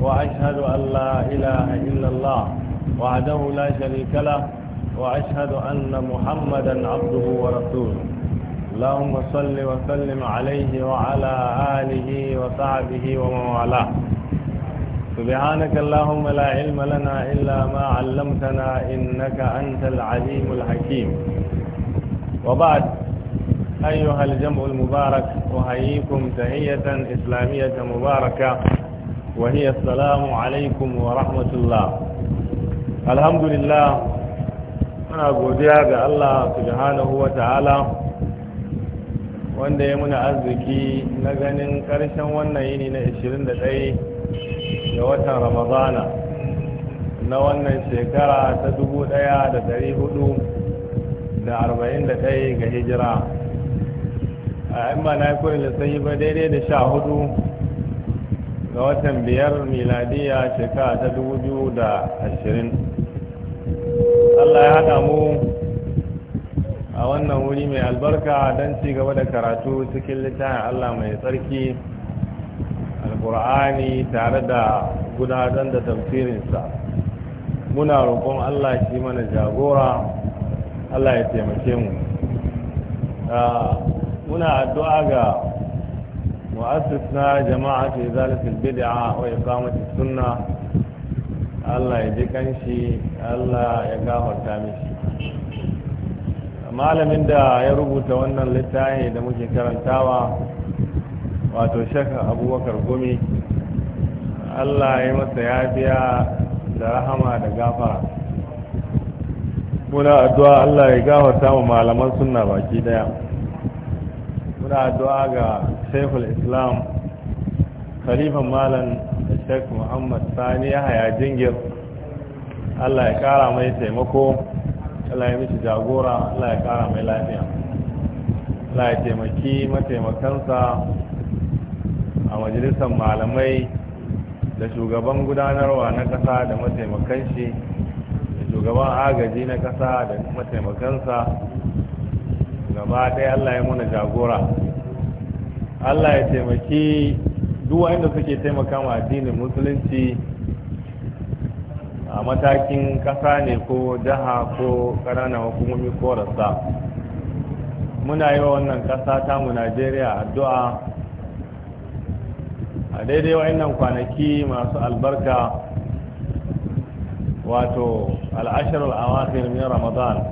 وأشهد أن لا إله إلا الله وحده لا شريك له وأشهد أن محمدا عبده ورسوله اللهم صل وسلم عليه وعلى آله وصحبه ومن والاه سبحانك اللهم لا علم لنا إلا ما علمتنا إنك أنت العليم الحكيم وبعد أيها الجمع المبارك أحييكم تحية إسلامية مباركة وهي السلام alaikum ورحمة الله الحمد لله أنا godiya ga Allah subhanahu wa ta'ala wanda ya mana arziki na ganin ƙarshen wannan yini na 21 ga watan Ramadana na wannan shekara ta 1441 ga hijira a in ba na yi kurin lissahi ba daidai da sha hudu ga watan biyar miladiya shekara ta dubu biyu da ashirin allah ya haɗa mu a wannan wuri mai albarka don ci gaba da karatu cikin littafin allah mai tsarki alkur'ani tare da gudanar da tafsirinsa muna roƙon allah shi mana jagora allah ya taimake mu ah, muna addu'a ga وأسسنا جماعة إزالة البدعة وإقامة السنة الله يجيكن شي الله يقاه التامش malamin da ya rubuta wannan littafin da muke karantawa wato shaka abubakar gumi allah ya masa yafiya da rahama da gafara muna addu'a allah ya gafarta wa malaman sunna baki ɗaya. muna addu'a ga Saiful Islam Khalifan Malam Sheikh Muhammad Sani ya haya Jingir Allah ya kara mai taimako Allah ya mishi jagora Allah ya kara mai lafiya Allah ya taimaki mataimakansa a majalisar malamai da shugaban gudanarwa na ƙasa da mataimakan shi da shugaban agaji na ƙasa da mataimakansa gaba ɗaya Allah ya muna jagora Allah ya taimaki duk wanda suke taimaka ma addinin musulunci a matakin ƙasa ne ko jiha ko ƙananan hukumomi ko rasa muna yi wa wannan ƙasa tamu najeriya addu'a a daidai wa'annan kwanaki masu albarka wato al'ashirar awakir min ramadan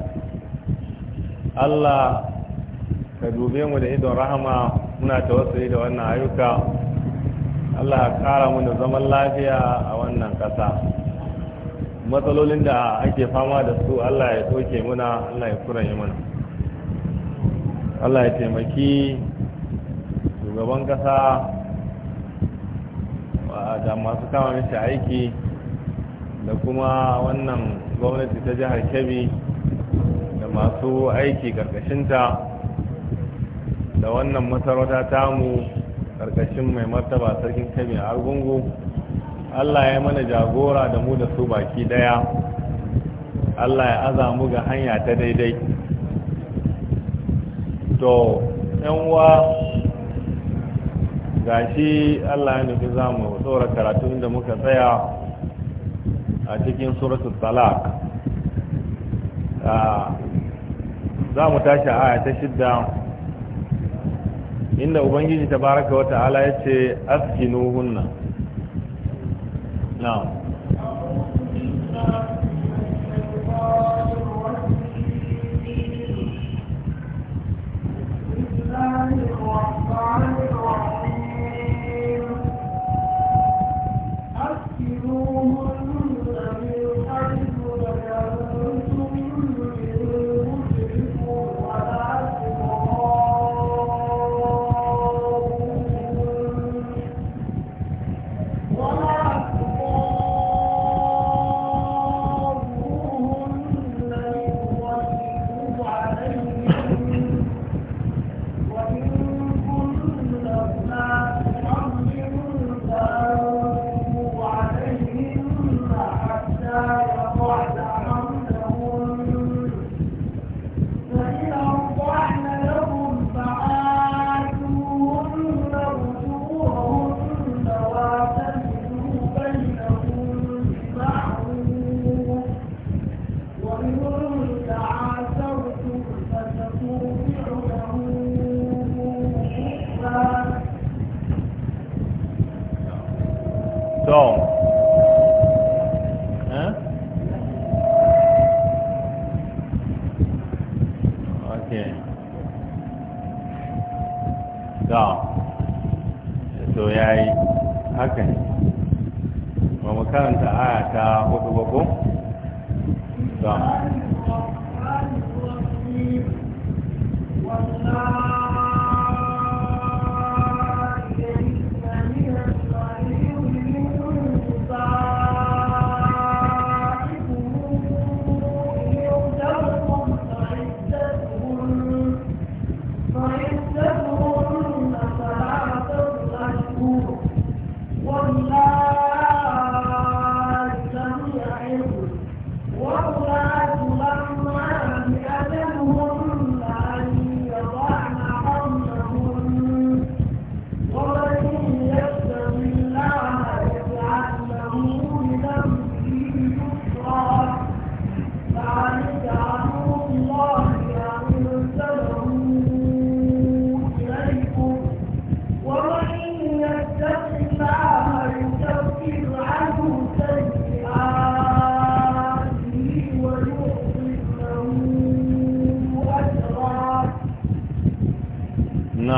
allah ka dube mu da idon rahama muna tawassuli da wannan ayyuka Allah ya kara mu da zaman lafiya a wannan ƙasa matsalolin da ake fama da su Allah ya soke muna Allah ya yi muna Allah ya taimaki shugaban ƙasa da masu kama mishi aiki da kuma wannan gwamnati ta jihar kebbi da masu aiki ƙarƙashinta da wannan masarauta ta mu karkashin mai martaba sarkin kame a argungu allah ya mana jagora da mu da su baki daya allah ya aza ga hanya ta daidai to ga shi allah ya nufi za mu tsora karatu inda muka tsaya a cikin suratul talak ah, za mu tashi a ta shidda inda ubangiji tabaraka wa ta'ala yace asjinuhunna na'am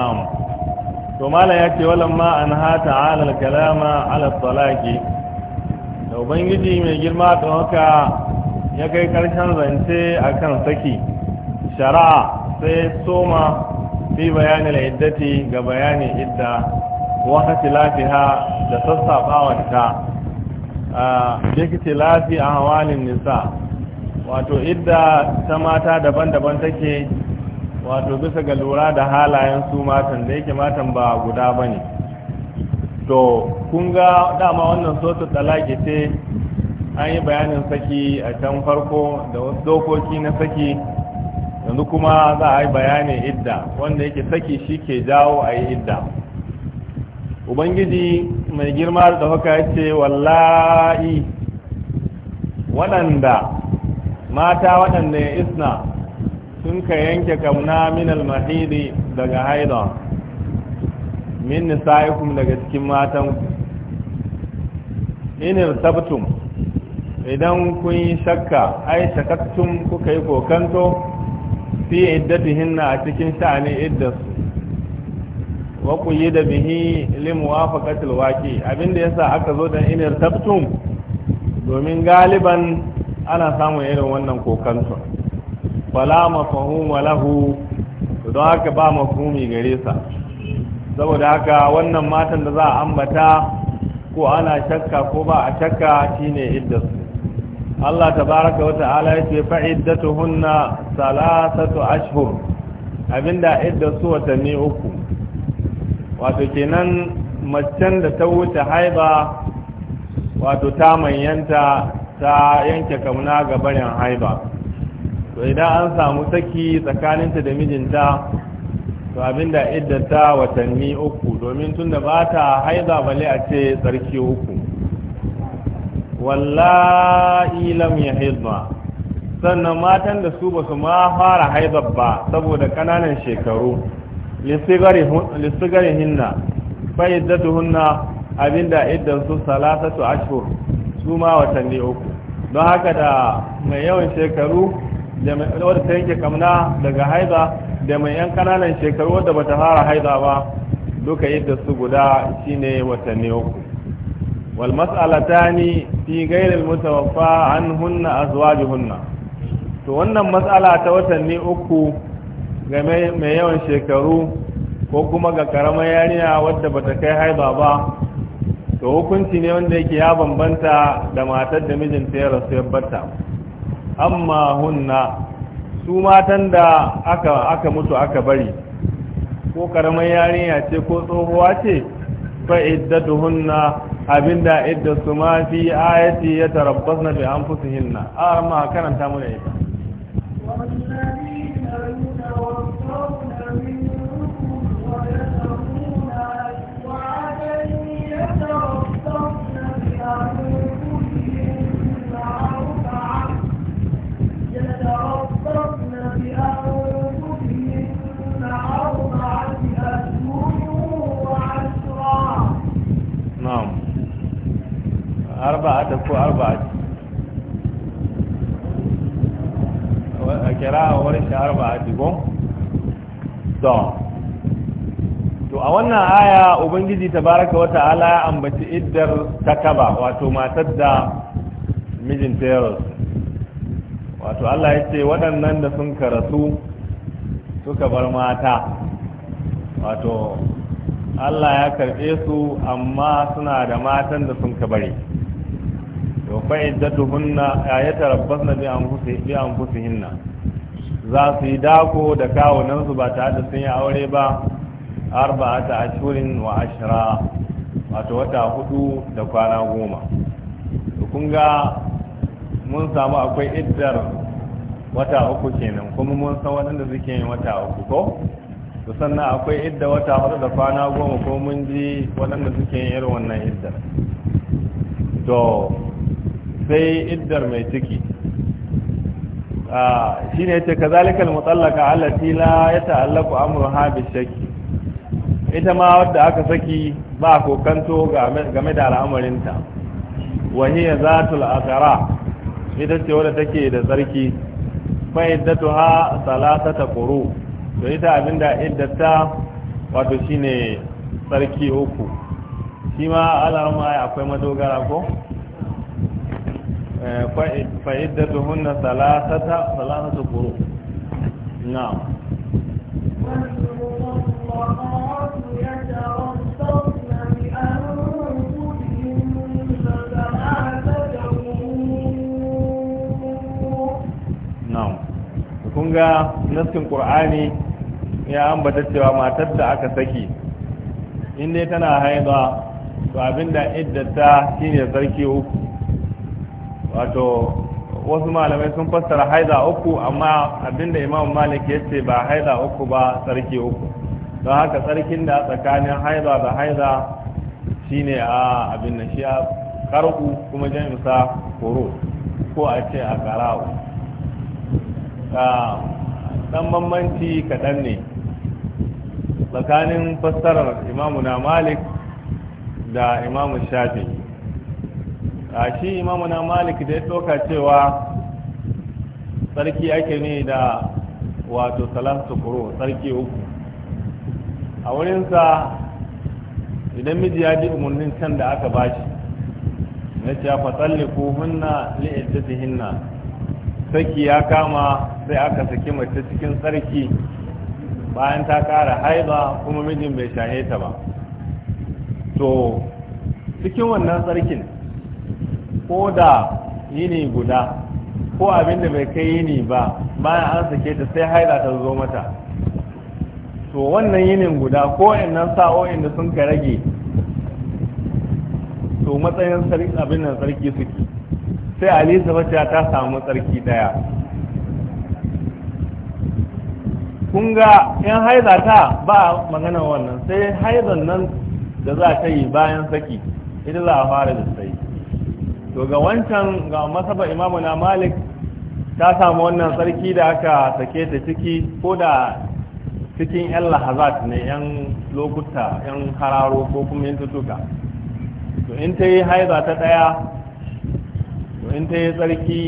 na'am to malam ya ce ma an ha ta'ala kalama ala talaqi da ubangiji mai girma da haka ya kai karshen zance akan saki shari'a sai soma fi bayani iddati ga bayani idda wa hasilafiha da sassabawanta a dikiti lafi a hawalin nisa wato idda ta mata daban-daban take wato bisa ga lura da halayen su matan da yake matan ba guda ba ne to kun ga dama wannan sotu talaki ce an yi bayanin saki a can farko da wasu dokoki na saki yanzu kuma za a yi bayanin idda wanda yake saki shi ke jawo a yi idda ubangiji mai girma da haka ce wallahi waɗanda mata waɗanda ya isna sun ka yanke kauna min almahidi daga haida min nisaikum daga cikin matan in irtabtum idan kun yi shakka ai shakaktum kuka yi kokanto fi iddatihinna a cikin sha'ani iddasu wa ku yi da bihi limuwafaqatil waqi abinda yasa aka zo da in irtabtum domin galiban ana samun irin wannan kokanto fala mafahuma lahu don haka ba mafhumi gare sa saboda haka wannan matan da za a ambata ko ana shakka ko ba a shakka shine iddasu Allah tabaraka wa ta'ala yace fa'iddatuhunna salasatu ashhur abinda iddasu watanni uku wato kenan macen da ta wuce haiba wato ta manyanta ta yanke kauna ga barin haiba to idan an samu saki tsakaninta da mijinta to abinda iddata watanni uku domin tunda ba ta haiza bale a ce tsarki uku wallahi lam yahidna sannan matan da su basu ma fara haiza ba saboda kananan shekaru lissigari hinna fa iddatu hunna abinda iddan su salasatu ashur su ma watanni uku don haka da mai yawan shekaru da mai wadda ta yanke kamna daga haiza da mai yan kananan shekaru wadda ba ta fara haiza ba duka yadda su guda shine watanni uku wal mas'alatani fi ghairi mutawaffa anhunna azwajuhunna to wannan mas'ala ta watanni uku ga mai yawan shekaru ko kuma ga karamar yarinya wadda bata kai haiza ba to hukunci ne wanda yake ya bambanta da matar da mijinta ya rasu ya bata amma hunna su matan da aka aka mutu aka bari ko karamar yarinya ce ko tsohuwa ce fa iddatuhunna abinda iddatu su ma fi ayati yatarabbasna bi anfusihinna a karanta mu ne ita arba'ata ko arba'ati a kira a wani shi arba'ati ko? to a wannan aya ubangiji tabaraka wa ta'ala ya ambaci iddar takaba wato matar da mijin teros wato Allah ya ce waɗannan da sun karatu suka bar mata wato Allah ya karɓe su amma suna da matan da sun ka bari to fa ayata rabbana bi anfusi bi anfusihinna za su yi dako da kawunan su ba tare da sun yi aure ba ta ashurin wa ashira, wato wata hudu da kwana goma to kun ga mun samu akwai iddar wata uku kenan kuma mun san waɗanda suke yin wata uku ko to sannan akwai idda wata hudu da kwana goma ko mun ji waɗanda suke yin irin wannan iddar to sai iddar mai ciki shi ne ce ka zalikal mutsallaka allati la ya ta'allaku amruha bi shakki ita ma wadda aka saki ba kokanto game da al'amarinta wa hiya zatul asara ita ce wadda take da tsarki fa iddatuha salasata quru to ita abinda iddata wato shine tsarki uku shi ma alama akwai madogara ko فعدتهن ثلاثة ثلاثة قروء نعم والمطلقات يتربصن بأنفسهن kun ga naskin ƙur'ani ya ambata cewa matar da aka saki in tana haida to abinda iddata shine sarki uku wato wasu malamai sun fassara haida uku amma abinda imam malik ya ce ba haiza uku ba tsarki uku don haka tsarkin da tsakanin haiza da haiza shine a abin da shi a karku kuma jami'sa koro ko a ce a karawo dan bambanci kaɗan ne tsakanin fassarar imamu na malik da imamu shafi a shi imamu na malik da ya ɗauka cewa tsarki ake ne da wato salatu kuro tsarki uku a wurinsa idan miji ya ji umarnin can da aka bashi na cewa fatsalli ko hunna li'iddati hinna saki ya kama sai aka saki mace cikin tsarki bayan ta kara haiba kuma mijin bai shahe ta ba to cikin wannan tsarkin ko da yini guda ko abin da bai kai yini ba bayan an sake ta sai haila ta zo mata to wannan yinin guda ko nan sa'o'in da sun ka rage to matsayin abin nan sarki suke sai alisa wacce ta samu sarki daya kun ga yan haiza ta ba magana wannan sai haizan nan da za ta yi bayan saki ita za a fara da sai to ga wancan ga masaba imamu na malik ta samu wannan sarki da aka sake ta ciki ko da cikin yan lahazat ne yan lokuta yan hararo ko kuma yin tutuka to in ta yi haiza ta ɗaya to in ta yi tsarki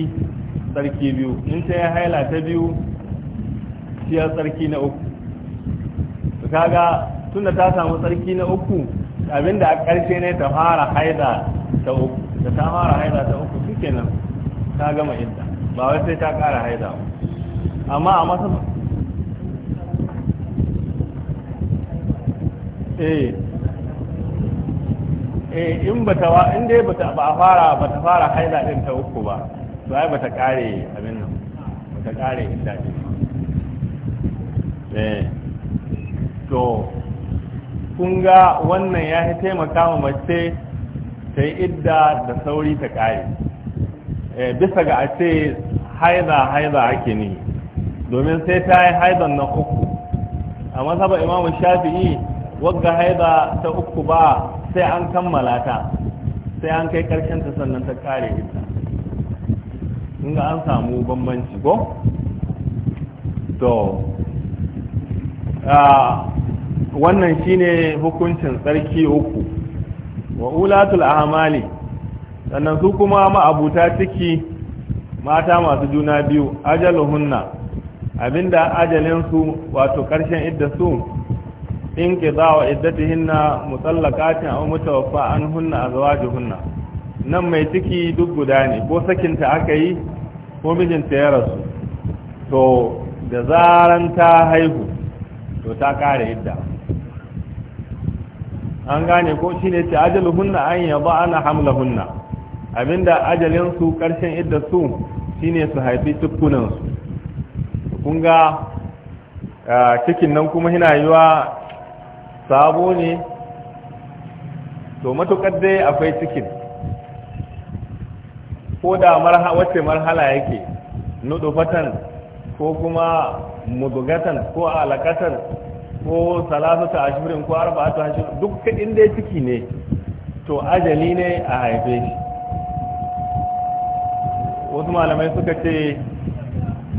tsarki biyu in ta yi haila ta biyu siya tsarki na uku to kaga tunda ta samu tsarki na uku abinda a ƙarshe ne ta fara haiza ta uku da ta fara haida ta uku kenan ta gama idda ba wai sai ta kara haida amma a masa eh eh in bata wa in dai bata ba fara bata fara haida din ta uku ba to ai ta kare abin nan ba ta kare idda din eh to kun ga wannan ya taimaka ma mace ta yi idda da sauri ta kare eh, bisa ga a ce haiza haiza ake ne domin sai ta yi haizan na uku amma saboda imamu shafi'i wagga haiza ta uku ba sai an kammala ta sai an kai ƙarshen ta sannan ta kare idda ga an samu bambanci ko? to ah, wannan shine hukuncin tsarki uku wa ulatul amali sannan su kuma ma'abuta ciki mata masu juna biyu ajaluhunna abinda ajalin su wato karshen idda su in ke za wa iddatihinna an hunna mutawaffa anhunna hunna nan mai ciki duk guda ne ko sakinta aka yi ko mijinta ya rasu to da zaran ta haihu to ta kare idda an gane ko shine ce ajalu hunna an ba ana hamla hunna abinda ajalinsu karshen idda su shine su haifi tukunansu. kun ga cikin nan kuma yana yiwa sabo ne to matukar dai akwai cikin ko da wacce marhala yake nuɗu fatan ko kuma mudugatan ko alakatan ko ta ashirin ko ta ashirin duk kadin dai ciki ne to ajali ne a haife shi wasu malamai suka ce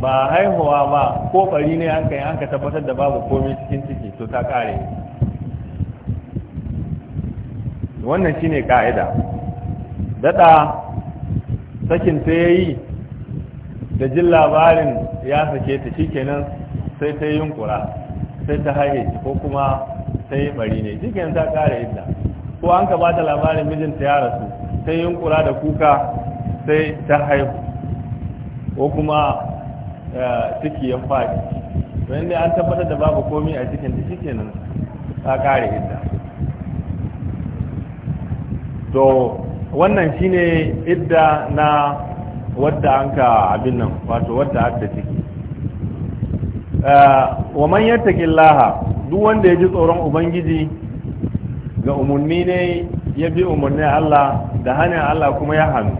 ba haihuwa ba ko bari ne an kai an ka tabbatar da babu komai cikin ciki to ta kare wannan shine ka'ida daɗa sakin ta yayi da jin labarin ya sake ta shi kenan sai ta yi yunkura sai ta haihe ko kuma sai bari ne yanzu ta kare idda ko an ka ba ta labarin mijinta ya rasu sai kura da kuka sai ta haihu ko kuma eh, ciki ya faɗi wanda an tabbatar da babu komi a cikin da cikin nan ta kare idda to wannan shine idda na wadda an ka abin nan wato wadda aka ciki Eh, wa man yattaqillaha duk wanda ya ji tsoron ubangiji ga umarni ne ya bi umarni Allah da hannun Allah kuma ya hannu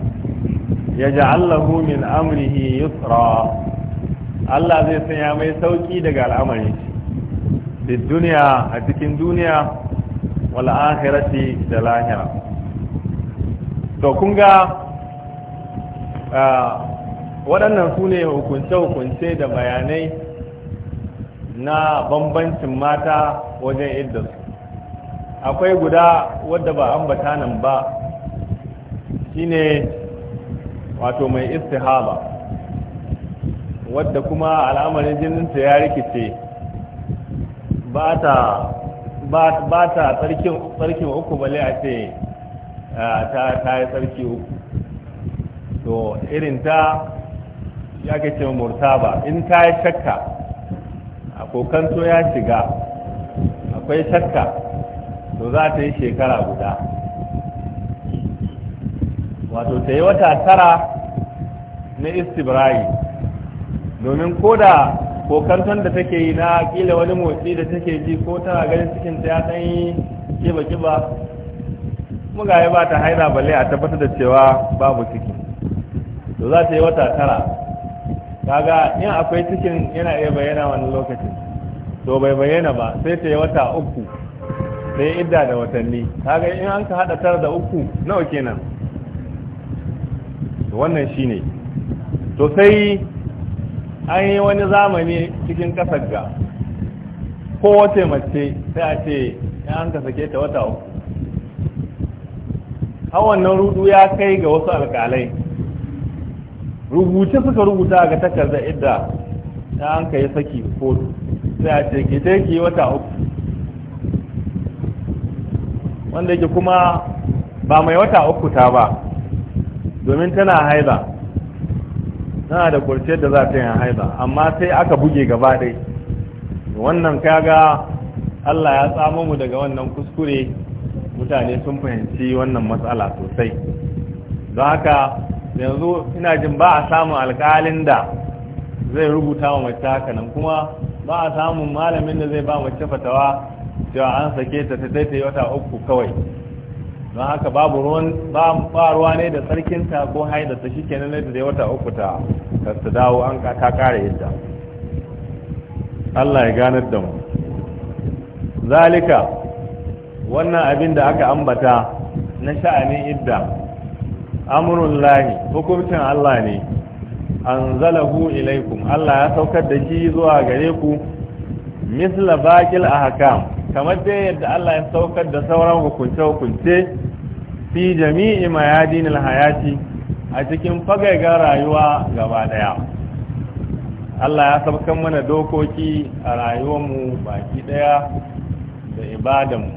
ya ja'allahu min amrihi yusra Allah zai sanya mai sauki daga al'amari da duniya a cikin duniya wal akhirati da lahira to kun ga eh, waɗannan su ne hukunce-hukunce da bayanai na bambancin mata wajen iddarsu akwai guda wadda ba ambata nan ba shine wato mai istihaba wadda kuma al'amarin jininta ya rikice ba ta tsarkin uku bale a ce ta yi tsarki uku to irin ta ya kace murtaba in ta yi shakka kokanto ya shiga akwai shakka to za ta yi shekara guda wato ta yi wata tara na istibra'i domin ko da kokanton da take yi na kila wani motsi da take ji ko tana ganin cikinta ya ɗan yi kiba-kiba ya ba ta haina balle a tabbatar da cewa babu ciki to za ta yi wata tara kaga in akwai cikin yana iya bayyana wani lokacin to bai bayyana ba sai ta yi wata uku sai idda da watanni kaga in an ka hada tara da uku nawa kenan wannan shine to sai an yi wani zamani cikin kasar ga ko wace mace sai a ce in an ka sake ta wata uku Hawan nan rudu ya kai ga wasu alkalai rubuce suka rubuta ga takarda idda ta an ka saki ko sai a ce ke ke wata uku wanda yake kuma ba mai wata uku ta ba domin tana haiba tana da kurciyar da za ta yi haiba amma sai aka buge gaba dai wannan kaga Allah ya tsamo mu daga wannan kuskure mutane sun fahimci wannan matsala sosai don haka yanzu ina jin ba a samun alƙalin da zai rubuta wa mace haka nan kuma ba a samun malamin da zai ba mace fatawa cewa an sake ta ta taita wata uku kawai don haka babu ruwan ba ruwa ne da tsarkinta ko haidata shi kenan da zai wata uku ta ta dawo an ta kare yadda Allah ya ganar da mu zalika wannan abin da aka ambata na sha'anin idda amrun lahi hukuncin Allah ne anzalahu ilaikum Allah ya saukar da shi zuwa gare ku misla baqil ahkam kamar dai yadda Allah ya saukar da sauran hukunce-hukunce fi jami'i mayadin alhayati a cikin fagaigar rayuwa gaba daya Allah ya saukar mana dokoki a rayuwarmu baki daya da ibadanmu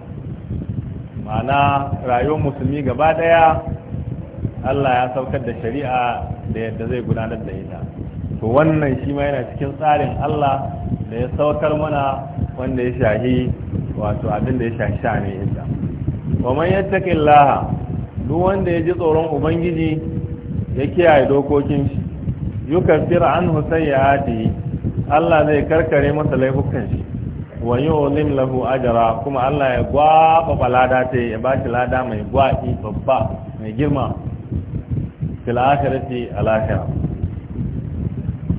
ma'ana rayuwar musulmi gaba daya Allah ya saukar da shari'a da yadda zai gudanar da ita to wannan shi ma yana cikin tsarin Allah da ya saukar mana wanda ya shahi wato abin da ya shahi shani ita wa man yattaqillaha duk wanda ya ji tsoron ubangiji ya kiyaye dokokin shi yukaffir anhu sayyi'atihi Allah zai karkare masa laifukan shi wa yu'lim lahu ajra kuma Allah ya gwaba balada ta ya ba lada mai gwaɗi babba mai girma fil akhirati al akhirah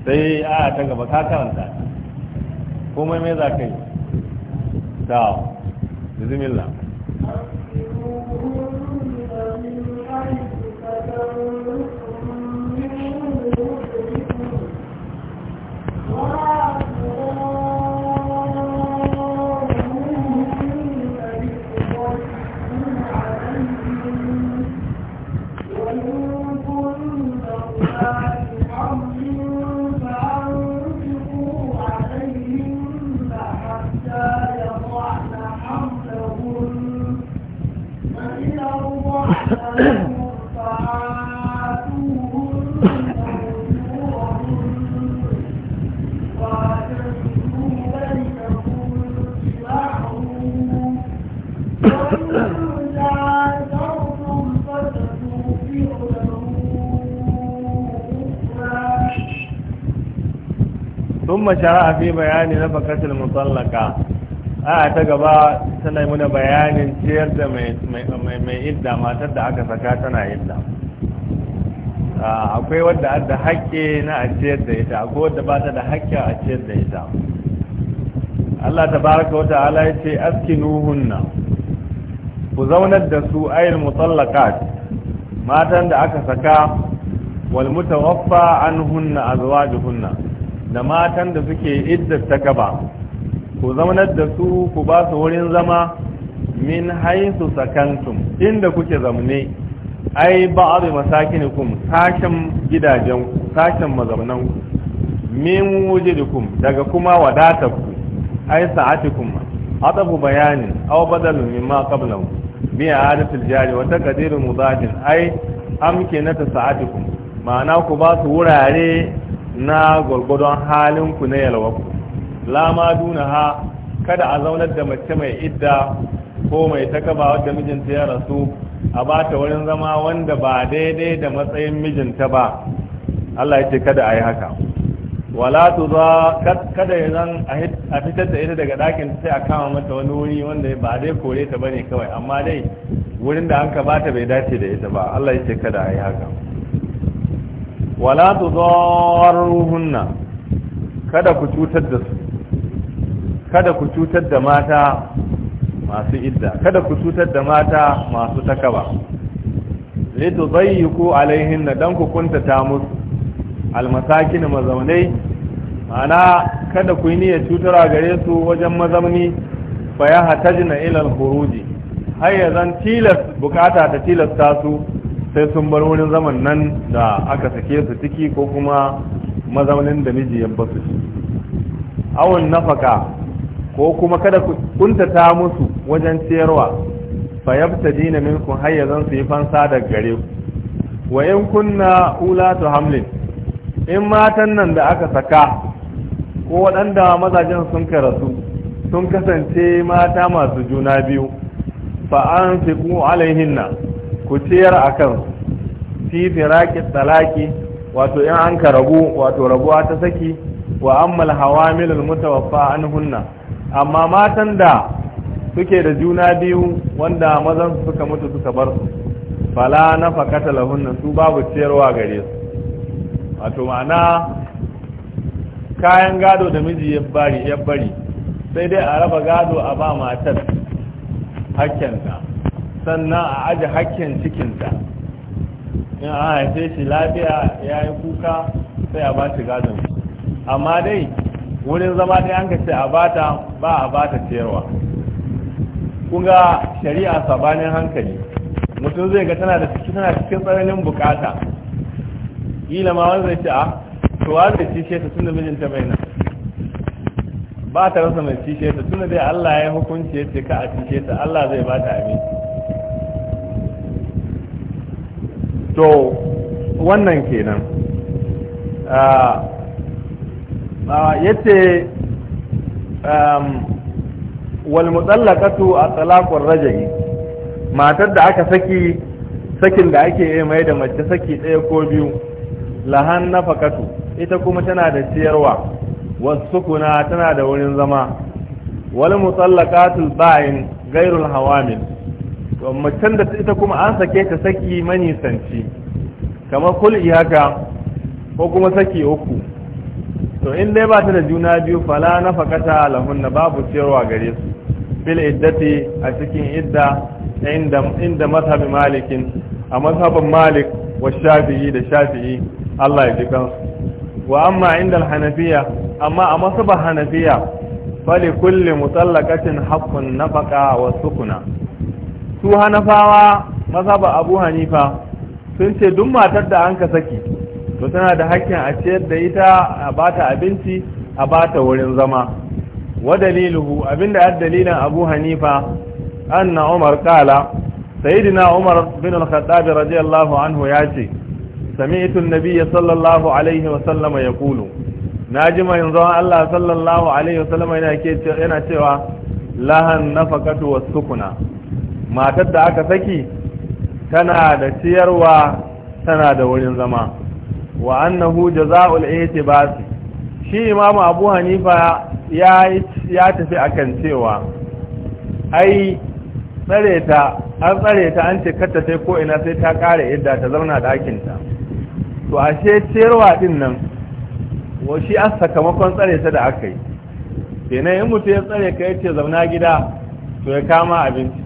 sai a ta gaba ka karanta komai mai za ka yi ta bismillah ثم شرع في بيان نفقة المطلقة a ta gaba tana muna bayanin ciyar da mai idda matar da aka saka tana idda ah, akwai wadda adda haƙƙe na a ciyar da ita akwai wadda ba da haƙƙe a da ita Allah ta baraka wata ala ya ce ku zaunar da su ayin matan da aka saka wal mutawaffa anhunna azwajuhunna da matan da suke iddar ta kaba ku zaunar da su ku ba su wurin zama min haisu sakantum inda kuke zaune, ai ba abu masakinikum sashen gidajen sashen mazaunan ku min wujidikum daga kuma wadatar ku ai sa'atikum atafu bayanin aw badalun mimma qablahu bi adatil jari wa taqdirul zafin, ai amkinata sa'atikum ma'ana ku ba su wurare na gwargwadon halinku na yalwaku lama duna ha kada a zaunar da mace mai idda ko mai takaba wadda mijinta ya rasu a ba ta wurin zama wanda ba daidai da matsayin mijinta ba Allah ya ce kada a yi haka wala tu za kada ya zan a fitar da ita daga ɗakin sai a kama mata wani wuri wanda ba dai kore ta bane kawai amma dai wurin da an ka bata bai dace da ita ba Allah ya ce kada a yi haka wala tudarruhunna kada ku cutar da su kada ku cutar da mata masu idda kada ku cutar da mata masu takaba litu zayyiku alaihinna dan ku kuntata musu almasakin mazaunai 'ana kada ku yi niyyar cutarwa gare su wajen mazauni fa ya hatajna ila al har ya tilas bukata ta tilasta su sai sun bar wurin zaman nan da aka sake su ciki ko kuma mazaunin da miji ya basu shi awon nafaka ko kuma kada ku kuntata musu wajen ciyarwa fa yabtadina minkum hayyazan su yi fansa da gare ku wa in kunna ulatu hamlin in matan nan da aka saka ko waɗanda mazajen sun karasu sun kasance mata masu juna biyu fa an fi alaihinna ku ciyar a kan fi firaƙi talaki wato in an ka rabu wato rabuwa ta saki wa ammal hawamilul mutawaffa hunna amma matan da suke da juna biyu wanda mazan su suka mutu suka bar su fala fakata lahunna su babu ciyarwa gare su wato ma'ana kayan gado da miji ya bari ya bari sai dai a raba gado a ba matar hakkenta sannan a aji hakkin cikinta in an haife shi lafiya ya yi kuka sai a ba shi gadon amma dai wurin zama dai an kace a bata ba a bata ciyarwa kunga shari'a sabanin hankali mutum zai ga tana da ciki tana cikin tsananin bukata kila ma wanda zai ce a ah, to wa zai cishe ta tunda mijinta bai nan ba ta rasa mai cishe ta tunda dai Allah ya hukunci ya ce ka a cishe ta Allah zai ba ta abinci to wannan kenan ah, ah, yace um, wal mutallaqatu a talakon rajuli matar da aka saki sakin da ake yi mai da mace saki ɗaya ko biyu lahan nafakatu ita kuma tana da ciyarwa wasukuna tana da wurin zama wal mutallaqatul ba'in ghairul hawamil to macen da ita kuma an sake ta saki manisanci kamar kul iyaka ko kuma saki uku to in dai ba ta da juna biyu fala na fakata na babu ciyarwa gare su fil iddati a cikin idda inda inda malikin a mazhabin malik wa shafi'i da shafi'i Allah ya ji kansu wa amma inda hanafiya amma a ba hanafiya fali kulle mutallakacin haqqun nafaka wa sukuna su hanafawa mazhaba abu hanifa sun ce duk matar da an ka saki to tana da hakkin a ciyar da ita a bata abinci a bata wurin zama wa daliluhu abinda ad dalilan abu hanifa anna umar qala sayyidina umar bin al-khattab radiyallahu anhu ya yace sami'tu an-nabiy sallallahu alaihi wa sallama yaqulu naji mai yanzu Allah sallallahu alaihi wa sallama yana cewa lahan nafaqatu was sukuna matar da aka saki tana da ciyarwa tana da wurin zama wa annahu jaza'ul itibas shi imamu abu hanifa ya ya tafi akan cewa ai tsare ta an tsare ta an ce katta sai ko ina sai ta kare idda ta zauna ɗakin ta to ashe ciyarwa din nan wa shi an sakamakon tsare ta da aka yi kenan in mutum ya tsare ka yace zauna gida to ya kama abinci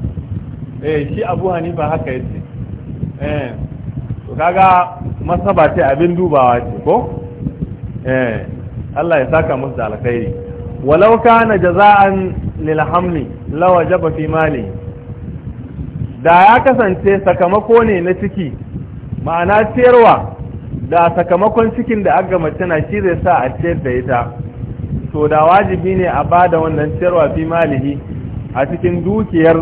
eh shi abu hanifa haka yace eh to kaga masaba ce abin dubawa ce ko eh Allah ya saka musu alkhairi walau kana jaza'an lil hamli la wajaba fi mali da ya kasance sakamako ne na ciki ma'ana ciyarwa da sakamakon cikin da aka mace na shi zai sa a ciyar da ita to da wajibi ne a bada wannan ciyarwa fi malihi a cikin dukiyar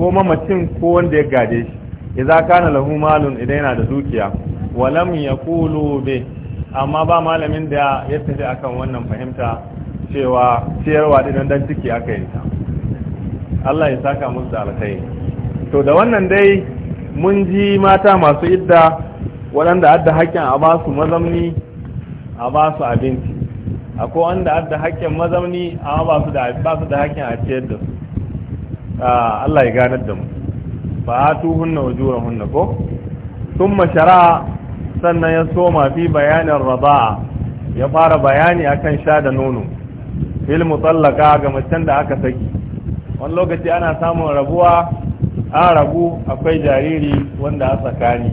ko mamacin ko wanda ya gaje shi idza kana lahu malun idan yana da dukiya lam yaqulu bi amma ba malamin da ya tafi akan wannan fahimta cewa ciyarwa dinan dan ciki aka yi ta Allah ya saka da alkhairi to da wannan dai mun ji mata masu idda waɗanda adda haƙƙin a ba su mazamni a ba su abinci akwai wanda adda haƙƙin mazamni a ba su da haƙƙin a ciyar da su Allah ya ganar da mu Ba a fa atuhunna hunna ko sun mashara sannan ya soma fi bayanin raba ya fara bayani akan sha da nono fil mutallaka ga macen da aka saki wani lokaci ana samun rabuwa an rabu akwai jariri wanda a tsakani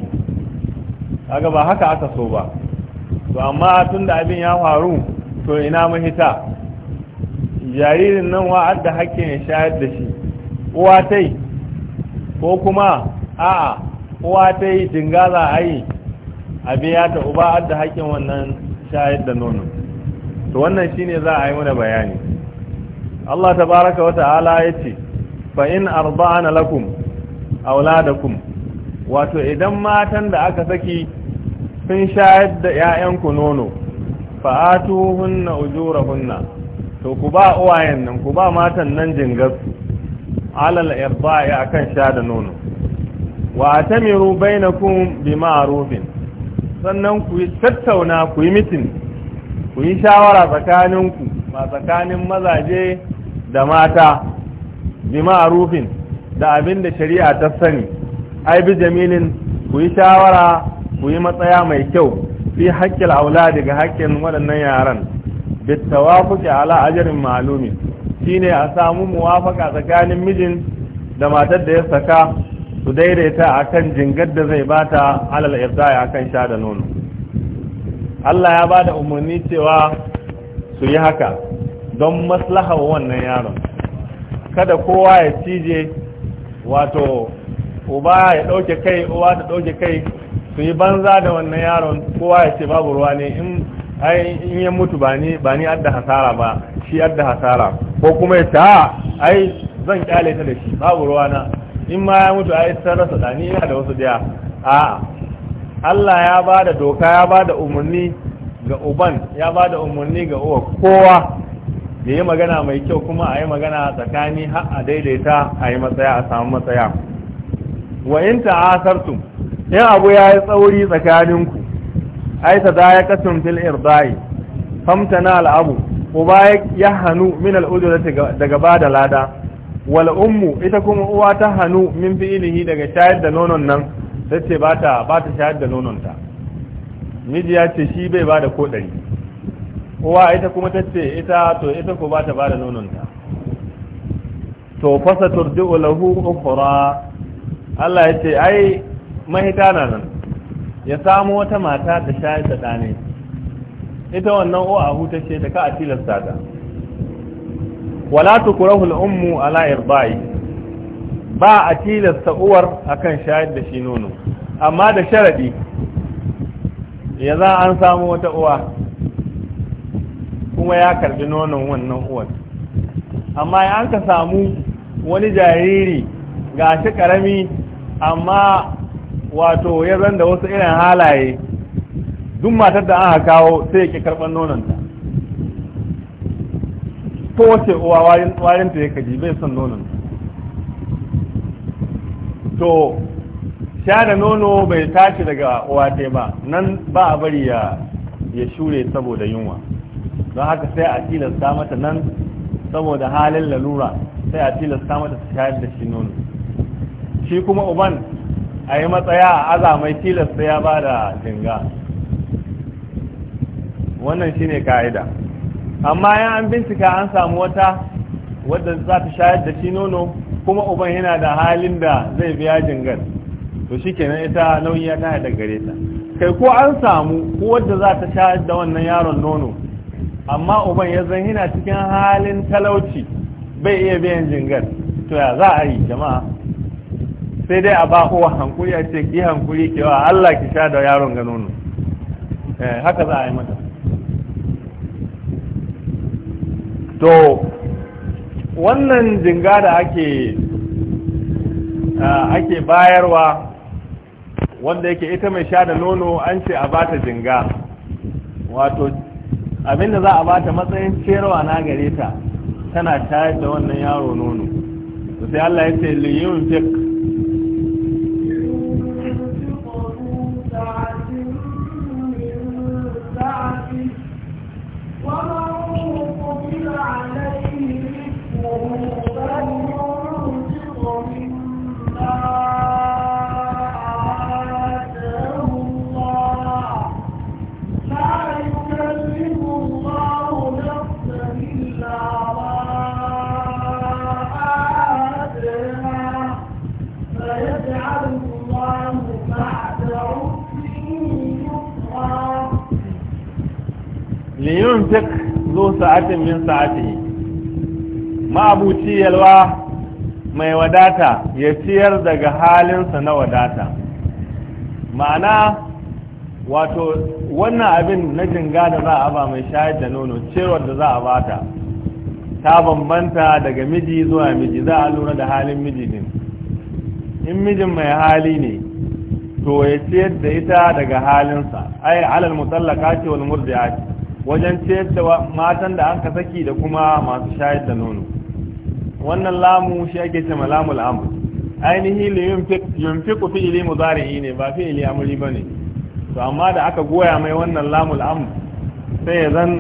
kaga ba haka aka so ba to amma tun da abin ya faru to ina mahita jaririn nan wa adda hakkin ya shayar da shi uwa ko kuma a'a uwa ta jinga za a yi a biya ta uba adda haƙƙin wannan shayar da nono to wannan shine za a yi mana bayani Allah ta baraka wata ta'ala ya ce fa in arba'ana lakum wuladakum wato idan matan da aka saki sun shayar da 'ya'yanku nono hunna ujura hunna, to ku ba uwayen nan ku ba matan nan jingarsu alal irba'i akan sha da nono wa atamiru bainakum bi ma'rufin sannan ku tattauna ku yi mitin ku yi shawara tsakaninku ma tsakanin mazaje da mata bi ma'rufin da abin da shari'a ta sani ai bi jamilin ku yi shawara ku yi matsaya mai kyau fi haƙƙil aula daga haƙƙin waɗannan yaran tawafuqi ala ajrin ma'lumin shine a samu muwafaka tsakanin mijin da matar da ya saka su daidaita a kan jingar da zai bata alal a kan sha da nono Allah ya ba da umarni cewa su yi haka don maslaha wannan yaron kada kowa ya cije wato uba ya ɗauke kai uwa ta ɗauke kai su yi banza da wannan yaron kowa ya ce babu ruwa ne in ya mutu ba ni adda hasara ba ciyar da hasara ko kuma ya ta ai zan kyale ta da shi babu na. in ma ya mutu ai san rasa da ni ina da wasu daya a Allah ya ba da doka ya ba da umarni ga uban ya ba da umarni ga uwa kowa da yi magana mai kyau kuma a yi magana tsakani har a daidaita a yi matsaya a samu matsaya wa in ta'asartum in abu ya yi tsauri tsakaninku ai ta da ya kasance fil irdai famtana al'abu uba ya hanu min al'ujurati daga ba da lada wal ummu ita kuma uwa ta hanu min fi'ilihi daga shayar da nonon nan sai ce ba ta ba ta shayar da nonon ta miji ya ce shi bai ba da ko ɗari uwa ita kuma ta ce ita to ita ko ba ta ba da nonon ta to fasa turdi'u lahu ukhra Allah ya ce ai mahita na nan ya samu wata mata da shayar da ɗane ita wannan uwa a huta ce da ka a tilasta ta wala tukrahu al-ummu ala ba a tilasta uwar akan shayar da shi nono amma da sharadi ya za an samu wata uwa kuma ya karbi nonon wannan uwar amma ya an ka samu wani jariri ga shi karami amma wato ya zan da wasu irin halaye duk matar da aka kawo sai ya ki karɓar nononta ko wace uwa warin ta ya kaji bai son nonon to sha da nono bai tashi daga uwa ta ba nan ba a bari ya ya shure saboda yunwa don haka sai a tilasta mata nan saboda halin lalura sai a tilasta mata ta shayar da shi nono shi kuma uban a yi matsaya a azamai tilasta ya ba da jinga wannan shine ka'ida amma yan an bincika an samu wata wadda za ta shayar da shi nono kuma uban yana da halin da zai biya jingar to shi kenan ita nauyi ya ta da gare ta kai ko an samu ko wadda za ta shayar da wannan yaron nono amma uban ya zan yana cikin halin talauci bai iya biyan jingar to ya za a yi jama'a sai dai a ba uwa hankuri a ce ki hankuri kewa Allah ki sha da yaron ga nono eh, haka za a yi mata to wannan jinga da ake ah, ake bayarwa wanda yake ita mai sha da nono an ce a bata jinga wato abinda za a bata matsayin ciyarwa na gare ta tana tayar da wannan yaro nono sai Allah ya ce liyun fiqh tek zo sa'atin min sa'ati ma'abuci yalwa mai wadata ya ciyar daga halinsa na wadata ma'ana wato wannan abin na jinga da za a ba mai shayar da nono cewar da za a bata ta bambanta daga miji zuwa miji za a lura da halin miji din in mijin mai hali ne to ya ciyar da ita daga halinsa ai alal mutallaka ce wal murdi'a wajen ciyar da matan da an ka saki da kuma masu shayar da nono wannan lamu shi ake cewa lamul amr ainihi li yunfiqu fi ili mudari'i ne ba fi ili amri bane to amma da aka goya mai wannan lamul amr sai ya zan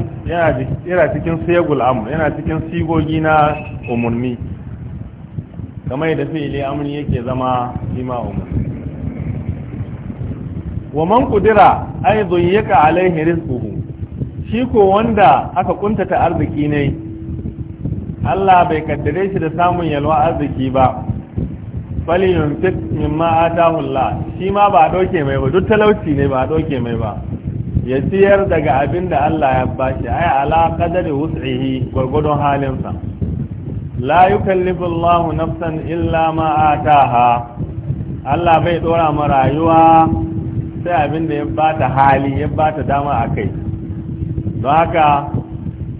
yana cikin sigul amr yana cikin sigogi na umurni kamar da fi ili amri yake zama ima umurni wa man qudira aidun yaka alaihi rizquhu shi ko wanda aka kuntata arziki ne Allah bai kaddare shi da samun yalwa arziki ba fali yunfik mimma atahu Allah shi ma ba a dauke mai ba duk talauci ne ba a dauke mai ba ya siyar daga abin da Allah ya bashi ai ala qadari wus'ihi gurgudun halinsa la yukallifu Allah nafsan illa ma ataha Allah bai dora ma rayuwa sai abin da ya bata hali ya bata dama akai don haka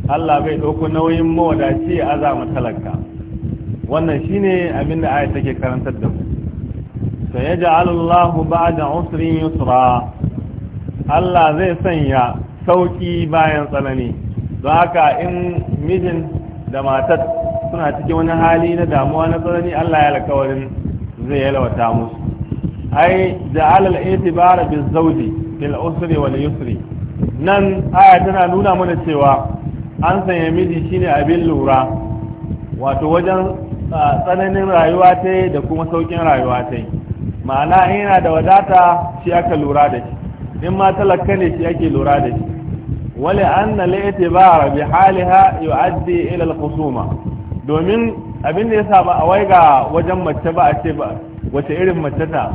Allah bai ɗauko nauyin mawadaci ya azama talaka wannan shine abin da ayat take karantar da mu sai ya ja'al Allah ba'da usrin yusra Allah zai sanya sauki bayan tsanani don haka in mijin da matar suna cikin wani hali na damuwa na tsanani Allah ya alkawarin zai yalwata musu ai ja'al al-itibara bizawji fil usri wal yusri nan aya tana nuna mana cewa an sanya miji shine abin lura wato wajen tsananin rayuwa ta yi da kuma saukin rayuwa ta yi. ma'ana yana da wadata shi aka lura da shi in ma talaka ne shi ake lura da shi wale ba al Rabi Hali ha, yu'addi ila ilal kusuma. domin abin da ya saba a wai ga wajen mace ba a ce ba wace irin mace ta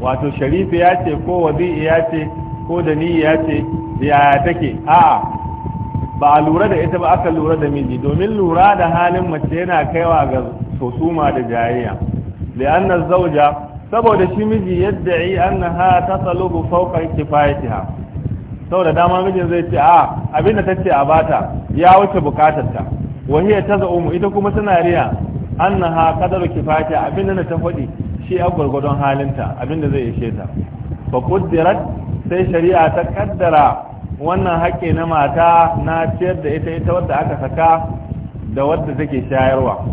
wato sharifi ya ce ko wadi ya ce ko da ni ya ce ya take a'a ba a lura da ita ba aka lura da miji domin lura da halin mace yana kaiwa ga sosuma da jayayya li'anna zauja saboda shi miji yadda yi annaha tasalubu fawqa kifayatiha saboda dama mijin zai ce a abinda ce a bata ya wuce bukatarta ta hiya mu ita kuma tana riya annaha qadaru kifayatiha abinda ta faɗi shi a gwargwadon halinta abinda zai ishe ta fa sai shari'a ta kaddara wannan haƙƙi na mata na ciyar da ita ita wadda aka saka da wadda take shayarwa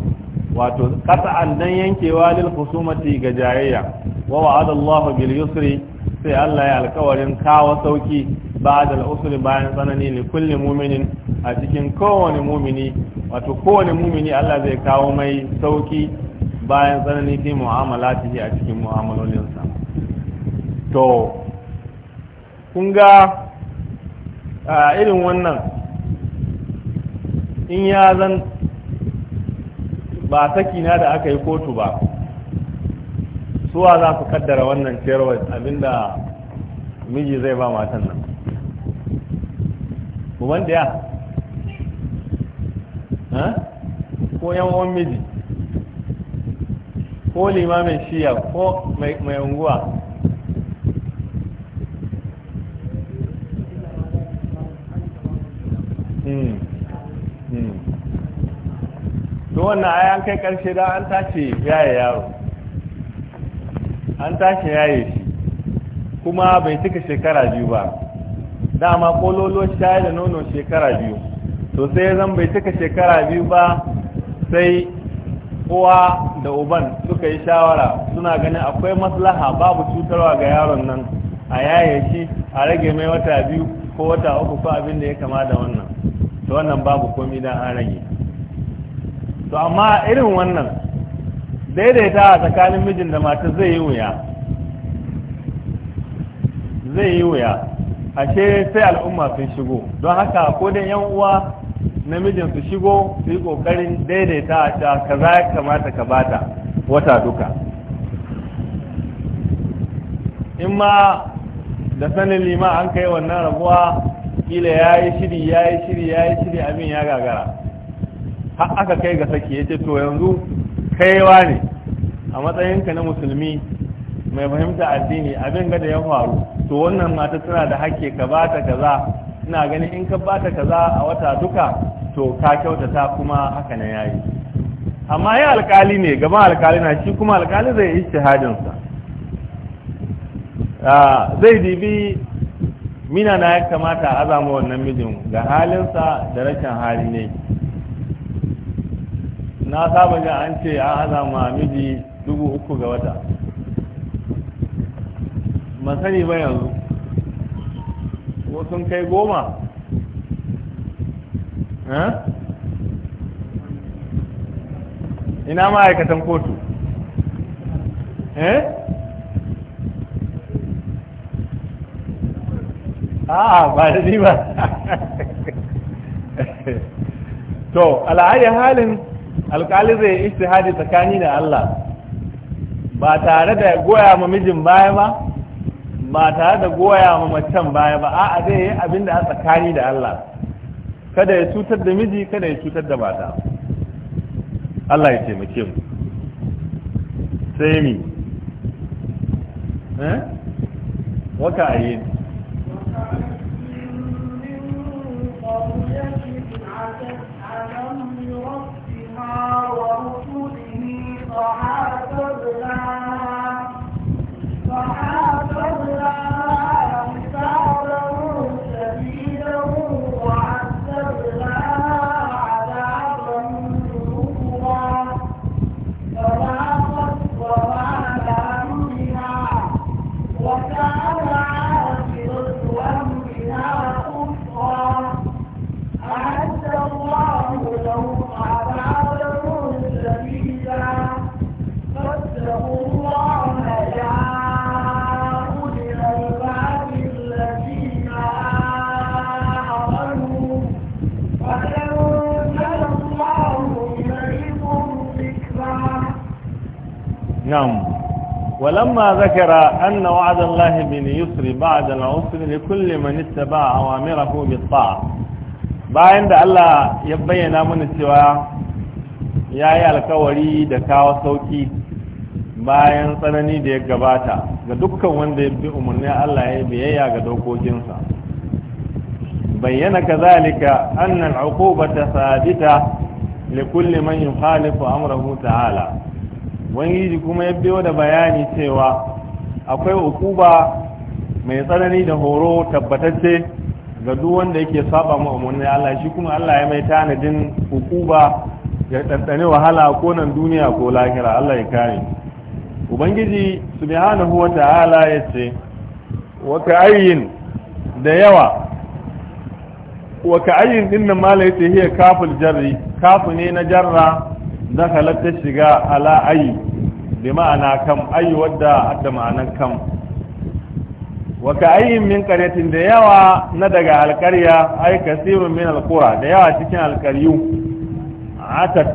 wato qat'an dan yankewa lil khusumati ga jayayya wa wa'adallahu bil yusri sai Allah ya alƙawarin kawo sauki ba'da al usri bayan tsanani li kulli mu'minin a cikin kowane mu'mini wato kowane mu'mini Allah zai kawo mai sauki bayan sanani fi mu'amalatihi a cikin mu'amalolinsa to kun ga a irin wannan in ya zan ba na da aka yi kotu ba suwa za su kaddara wannan ciyarwar abinda miji zai ba matan nan buban da ya ko yan uwan miji ko limamin shiya ko mai unguwa wannan ayi an kai karshe da an tace yaye yaro an tace yaye shi kuma bai cika shekara biyu ba dama kololo shayi da nono shekara biyu to sai zan bai cika shekara biyu ba sai uwa da uban suka yi shawara suna ganin akwai maslaha babu cutarwa ga yaron nan a yaye shi a rage mai wata biyu ko wata uku ko abin da ya kama da wannan to wannan babu komi dan an rage to amma irin wannan daidaita a tsakanin mijin da mata zai yi wuya zai yi wuya ashe sai al'umma sun shigo don haka ko dai yan uwa namijin su shigo su yi kokarin daidaita a ta kaza ya kamata ka bata wata duka in ma da sanin lima an kai wannan rabuwa kila ya yi shiri ya yi shiri ya yi shiri abin ya gagara har aka kai ga saki yace to yanzu kaiwa ne a matsayinka na musulmi mai fahimta addini abin ga da ya faru to wannan mata tana da hakke ka bata kaza ina ganin in ka bata kaza a wata duka to ka kyautata kuma haka na yayi amma ya alkali ne gaba alkali na shi kuma alkali zai yi shahadinsa ah, zai dibi mina na ya kamata a azama wannan mijin ga halinsa da rashin hali ne na saba ga an ce ya hana ma miji dubu uku ga wata masani sani ba yanzu ko sun kai goma ina ma'aikatan kotu eh a'a ba da ba to ala'ayi halin alƙali zai istihadi tsakani da Allah ba tare da goya ma mijin baya ba ba tare da goya ma macen baya ba a'a zai yi abin da a tsakani da Allah kada ya cutar da miji kada ya cutar da mata Allah ya taimake mu sai mi eh waka ayin النار لما ذكر أن وعد الله باليسر بعد العسر لكل من اتبع أوامره بالطاعة bayan da Allah ya bayyana mana cewa ya yi alkawari da kawo sauki bayan tsanani da ya gabata ga dukkan wanda ya bi umarni Allah ya biyayya ga dokokinsa bayyana kazalika annal uqubata sabita li kulli man yukhalifu amrahu ta'ala ubangiji kuma ya biyo da bayani cewa akwai ukuba mai tsanani da horo tabbatacce ga duk wanda yake saba mu umarnin Allah shi kuma Allah ya mai tanadin ukuba ya ɗanɗane wahala ko nan duniya ko lahira Allah ya kare ubangiji subhanahu wa ta'ala ya ce wa ka'ayyin da yawa wa ka'ayyin din nan mala yace hiya kaful jarri kafu ne na jarra dakalar ta shiga ala ayi bi ma'ana kam ayi wadda da ma'anan kam waka ayin min karyatin da yawa na daga alkarya ai kasirun min alqura da yawa cikin alkaryu atat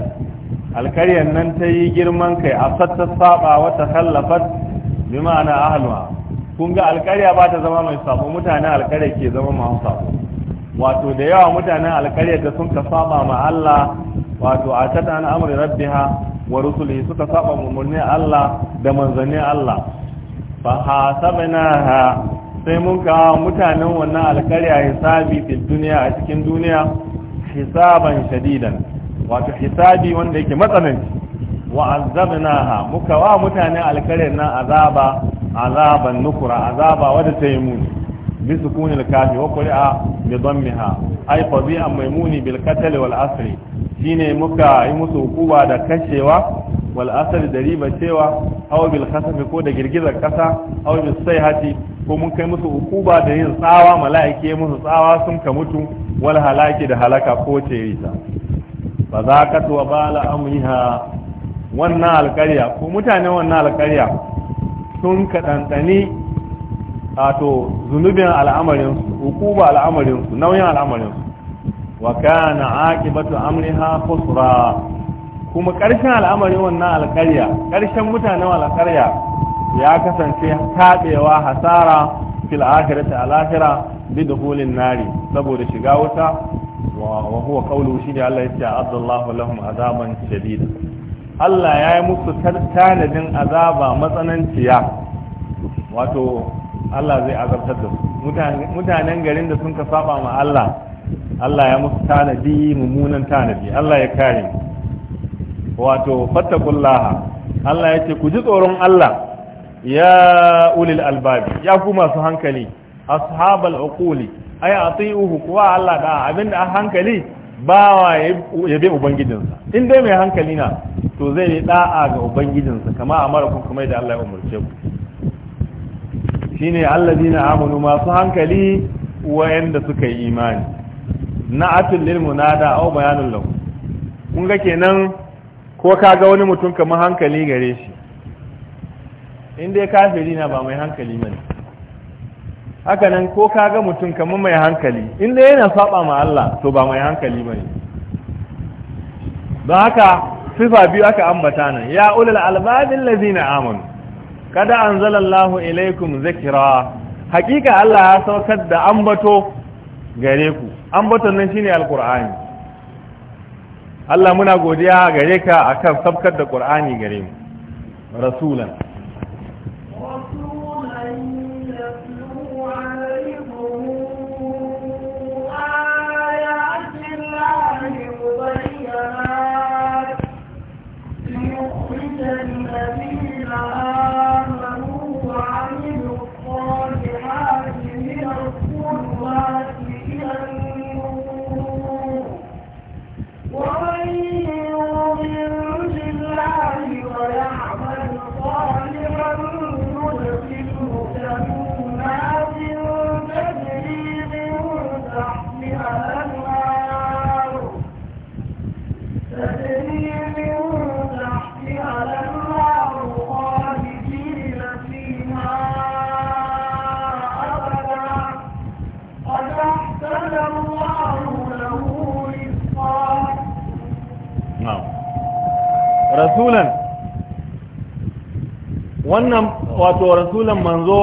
alkaryar nan ta yi girman kai a satta saba wata khallafat bi ma'ana ahalwa kun ga alkarya ba ta zama mai sabo mutanen alkarya ke zama masu sabo wato da yawa mutanen alkarya da sun ka saba ma Allah wato a tata an amri wa rusulihi suka saba mumurnin Allah da manzannin Allah fa hasabnaha sai mun ka mutanen wannan alƙarya hisabi fil duniya a cikin duniya hisaban shadidan wato hisabi wanda yake matsananci wa azabnaha muka wa mutanen alƙaryar nan azaba azaban nukura azaba wadda ta yi muni bisukuni alkafi wa kuri'a bi dhammiha ay fadi'a maimuni bil qatl wal asri shine muka yi musu hukuma da kashewa wal asar da riba cewa aw bil khasafi ko da girgizar kasa aw bil sayhati ko mun kai musu hukuma da yin tsawa mala'ike musu tsawa sun ka mutu wal halaki da halaka ko cerita fa zaqat wa bala amriha wannan alƙarya ko mutanen wannan alƙarya sun kaɗanɗani a zunubin al'amarinsu hukuma al'amarinsu nauyin al'amarinsu wa kana aqibatu amriha khusra kuma karshen al'amarin wannan alƙarya karshen mutanen alƙarya ya kasance taɓewa hasara fil akhirati al bi dukhulin nari saboda shiga wuta wa huwa qawlu shi da Allah yace adallahu lahum azaban shadid Allah ya yi musu tanadin azaba matsananciya wato Allah zai azabtar da su mutanen garin da sun ka saba ma Allah Allah ya musu tanadi mummunan tanadi Allah ya kare wato fattakullaha Allah ya ce ku ji tsoron Allah ya ulil albabi ya ku masu hankali ashabal uquli ay ati'uhu kuwa Allah da abinda a hankali bawa ya bi ubangijinsa in dai mai hankali na to zai yi da'a ga ubangijinsa kama amara ku kuma da Allah ya umurce ku shine alladina amanu masu hankali wayanda suka yi imani na'atul lil munada au bayanul lahu kun ga kenan ko ka ga wani mutum kamar hankali gare shi in dai kafiri na ba mai hankali bane haka nan ko ka ga mutum kamar mai hankali in dai yana saba ma Allah to ba mai hankali bane don haka sifa biyu aka ambata nan ya ulal albabin lazina amanu kada anzalallahu ilaikum zikra hakika Allah ya saukar da ambato gare ku an batan nan shine alqur'ani Allah muna godiya gare ka akan sabkar da qur'ani gare mu rasulan rasulan wannan wato rasulan manzo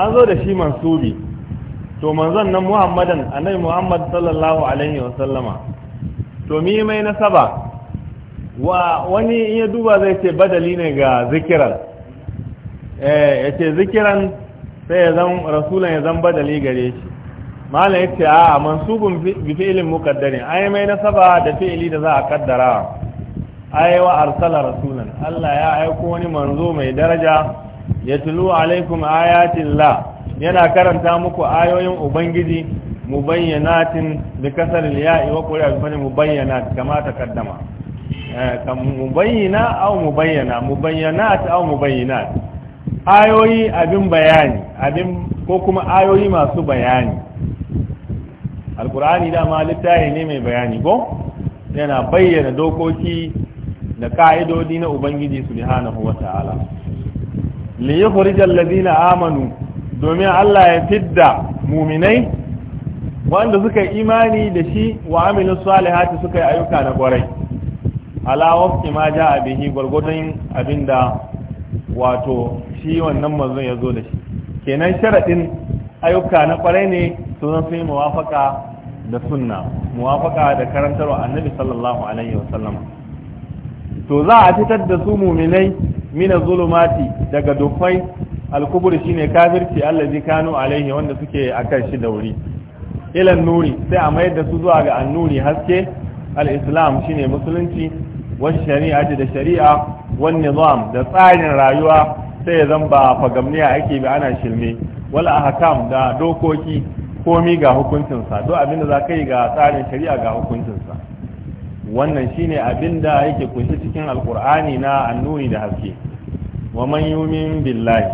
an zo da shi mansubi to manzon nan muhammadan annabi muhammad sallallahu alaihi wasallama to mi mai nasaba wa wani in ya duba zai ce badali ne ga zikiran eh ya ce zikiran sai ya zan rasulan ya zan badali gare shi malai ya ce a mansubun bi fi'ilin muqaddari ai mai nasaba da fi'ili da za a kaddara aiwa arsala rasulan Allah ya aiko wani manzo mai daraja ya tulu alaikum ayatillah yana karanta muku ayoyin ubangiji mubayyanatin bi kasar ya'i wa qura bi mubayyanat kama taqaddama eh, kam mubayyana aw mubayyana mubayyanat aw mubayyanat ayoyi abin bayani abin ko kuma ayoyi masu bayani alqur'ani da ma littafi ne mai bayani ko yana bayyana dokoki da ka'idodi na ubangiji subhanahu wa ta'ala li yukhrij alladhina amanu domin Allah ya fidda muminai wanda suka yi imani da shi wa amilu salihati suka yi ayyuka na kwarai ala wafki ma ja'a bihi gurgudun abinda wato shi wannan manzon ya zo da shi kenan sharadin ayyuka na kwarai ne su zan fi muwafaka da sunna muwafaka da karantarwa annabi sallallahu alaihi wasallam to za a fitar da su muminai mina zulumati daga dukkan alkubur shine kafirci allazi kano alaihi wanda suke a kan shi da wuri. ilan nuri sai a mayar da su zuwa ga annuri haske al-islam shine musulunci wa shari'a da shari'a wani nizam da tsarin rayuwa sai ya zan ba fagamniya ake bi ana shirme. wala ahkam da dokoki komi ga hukuncinsa duk abinda za ka yi ga tsarin shari'a ga hukuncinsa wannan shine abin da yake kunshi cikin alkur'ani na annuri da haske wa man yumin billahi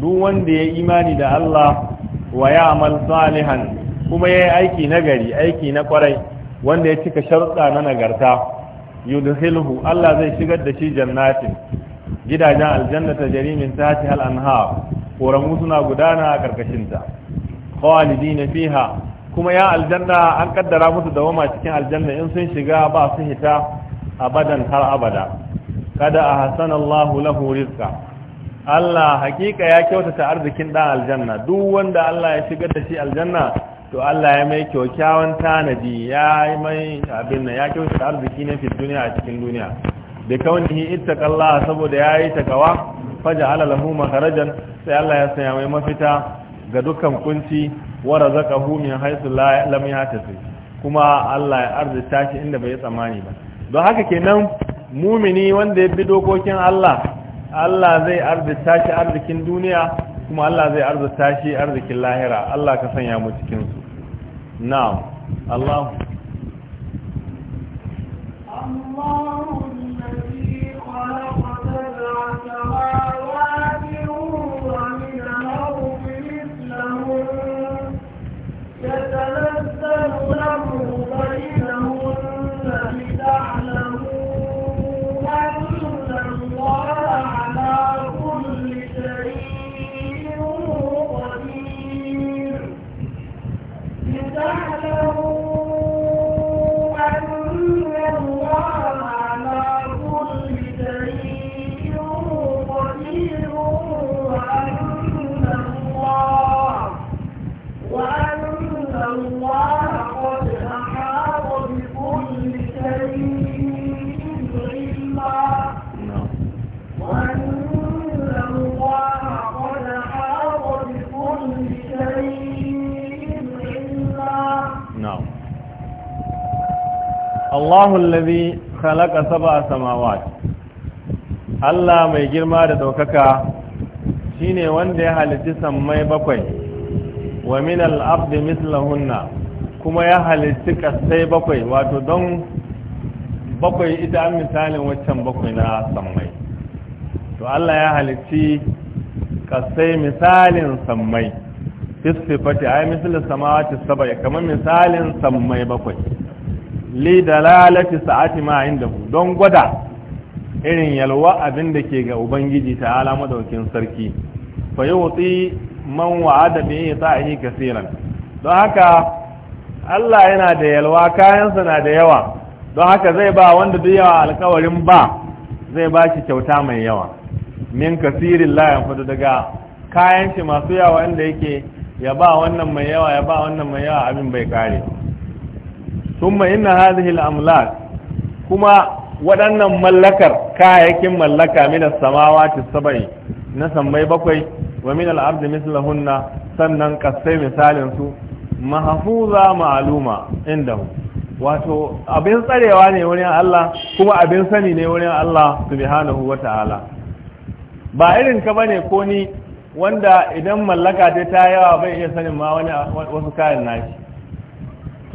duk wanda ya imani da Allah wa amal salihan kuma yayi aiki nagari aiki na kwarai wanda ya cika sharuɗa na nagarta yudhilhu Allah zai shigar da shi jannatin gidajen aljanna ta jari min tahtiha al-anhar koramu suna gudana a karkashin ta khalidina fiha kuma ya aljanna an kaddara musu dawama cikin aljanna in sun shiga ba su hita abadan har abada kada a hasanallahu lahu rizqa Allah hakika ya kyautata arzikin dan aljanna duk wanda Allah ya shigar da shi aljanna to Allah ya mai kyaukyawan tanadi ya mai abin nan ya kyautata arziki ne fi duniya a cikin duniya da kaunihi ittaqallaha saboda yayi takawa faja ala lahu makharajan sai Allah ya sanya mai mafita ga dukkan kunci wa razaqahu min haythu la lam yahtasib kuma Allah ya arzuta shi inda bai tsammani ba don haka kenan mumini wanda ya bi dokokin Allah Allah zai arzuta shi arzikin duniya kuma Allah zai arzuta shi arzikin lahira Allah ka sanya mu cikin su na'am Allah Allah Allahu allazi khalaqa sab'a samawat Allah mai girma da daukaka shine wanda ya halitti sammai bakwai wa min al-ardi mislahunna kuma ya halitti kasai bakwai wato don bakwai ita an misalin waccan bakwai na sammai to Allah ya halitti kasai misalin sammai fi sifati ay mislu samawati sab'a kamar misalin sammai bakwai li dalalati sa'ati ma indahu don gwada irin yalwa abin da ke ga ubangiji ta'ala madaukin sarki fa yuti man wa'ada bi sa'ihi kaseeran don haka Allah yana da yalwa kayansa na da yawa don haka zai ba wanda duk yawa alkawarin ba zai ba shi kyauta mai yawa min kasirin layan fito daga kayan shi masu yawa inda yake ya ba wannan mai yawa ya ba wannan mai yawa abin bai kare thumma inna hadhihi al-amlak kuma waɗannan mallakar kayayyakin mallaka min samawa samawati sab'i na sammai bakwai wa min al-ardi mislahunna sannan kasai misalin su mahfuza ma'luma indahu wato abin tsarewa ne wurin Allah kuma abin sani ne wurin Allah subhanahu wata'ala ba irin ka bane ko ni wanda idan mallaka ta yawa bai iya sanin ma wani wasu kayan nashi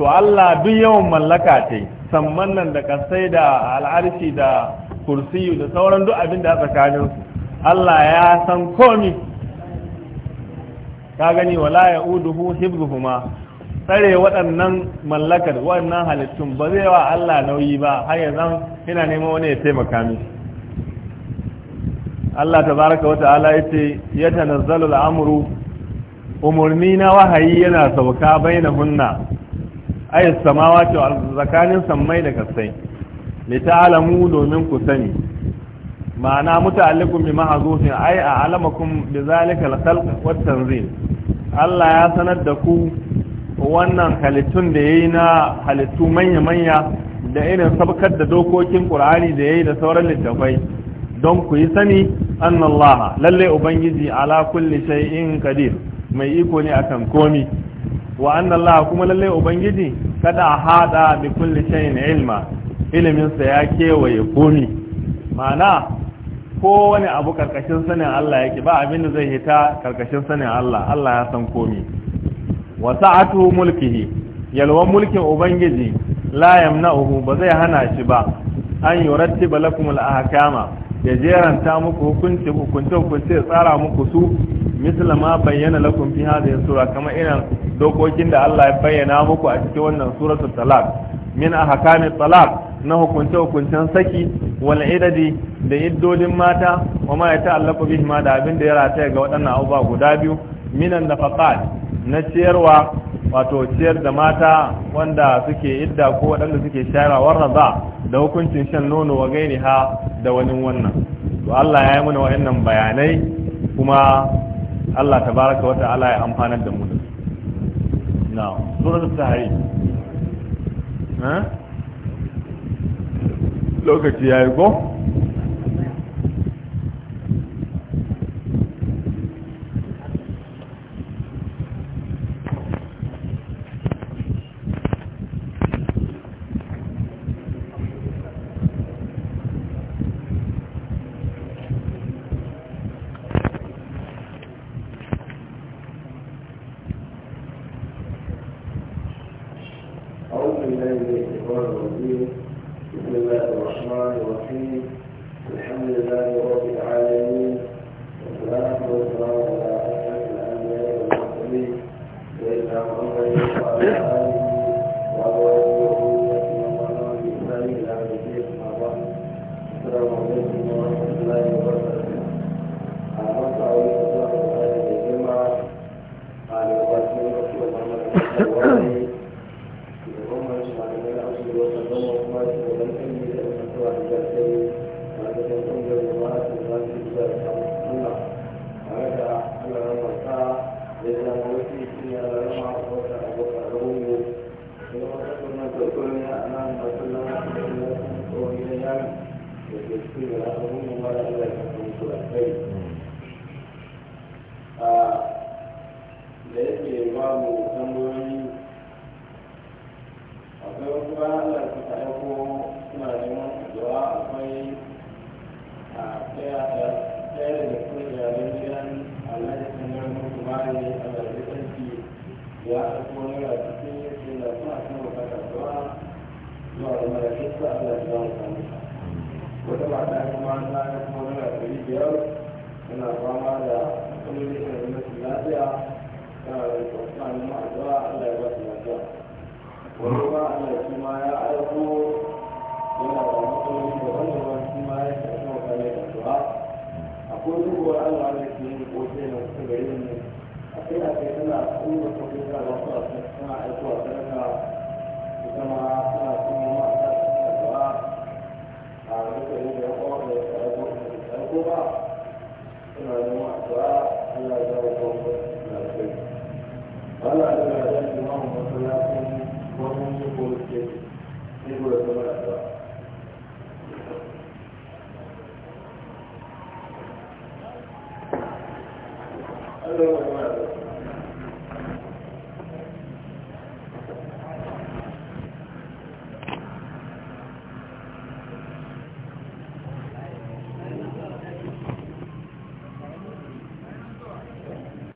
to Allah duk yawan mallaka ce samman nan da kasai da al'arshi da kursiyu da sauran duk abin da a tsakanin su Allah ya san komi ka gani wala ya uduhu hibzuhuma tsare waɗannan mallakar waɗannan halittun ba zai wa Allah nauyi ba har yanzu ina neman wani ya taimaka mishi Allah tabaraka wa ta'ala yace ya tanazzalu al'amru umurni na wahayi yana sauka bainahunna ayis samawati wa zakanin sammai da kasai li ta'lamu domin ku sani ma'ana muta'alliqun bi mahzufin ay a'lamakum bi zalika al-khalq wa tanzil Allah ya sanar da ku wannan halittun da yayi na halittu manya manya da irin sabkar da dokokin Qur'ani da yayi da sauran littafai don ku yi sani annallaha lalle ubangiji ala kulli shay'in qadir mai iko ne akan komi wa Allah kuma lalle ubangiji kada hada bi kulli shay'in ilma ilimin sa ya kewaye komi mana ko wani abu karkashin sanin Allah yake ba abin da zai hita karkashin sanin Allah Allah ya san komi wa sa'atu mulkihi yalwa mulkin ubangiji la yamna'uhu ba zai hana shi ba an yurattiba lakum al-ahkama ya jeranta muku hukunci hukunce hukunce tsara muku su misla ma bayyana lakum fi hadhihi sura kama irin dokokin da Allah ya bayyana muku a cikin wannan suratul talaq min ahkami talaq na hukunce hukuncen saki wal idadi da iddodin mata wa ma ta'allaku bihi ma da abin da ya rataya ga waɗannan abubuwa guda biyu minan nafaqat na ciyarwa wato ciyar da mata wanda suke idda ko waɗanda suke shayarwa warra za da hukuncin shan nono wa ha da wani wannan to Allah ya yi mana wa'annan bayanai kuma Allah tabaraka wa ta'ala ya amfanar da mu na surat sahari lokaci ya yi ko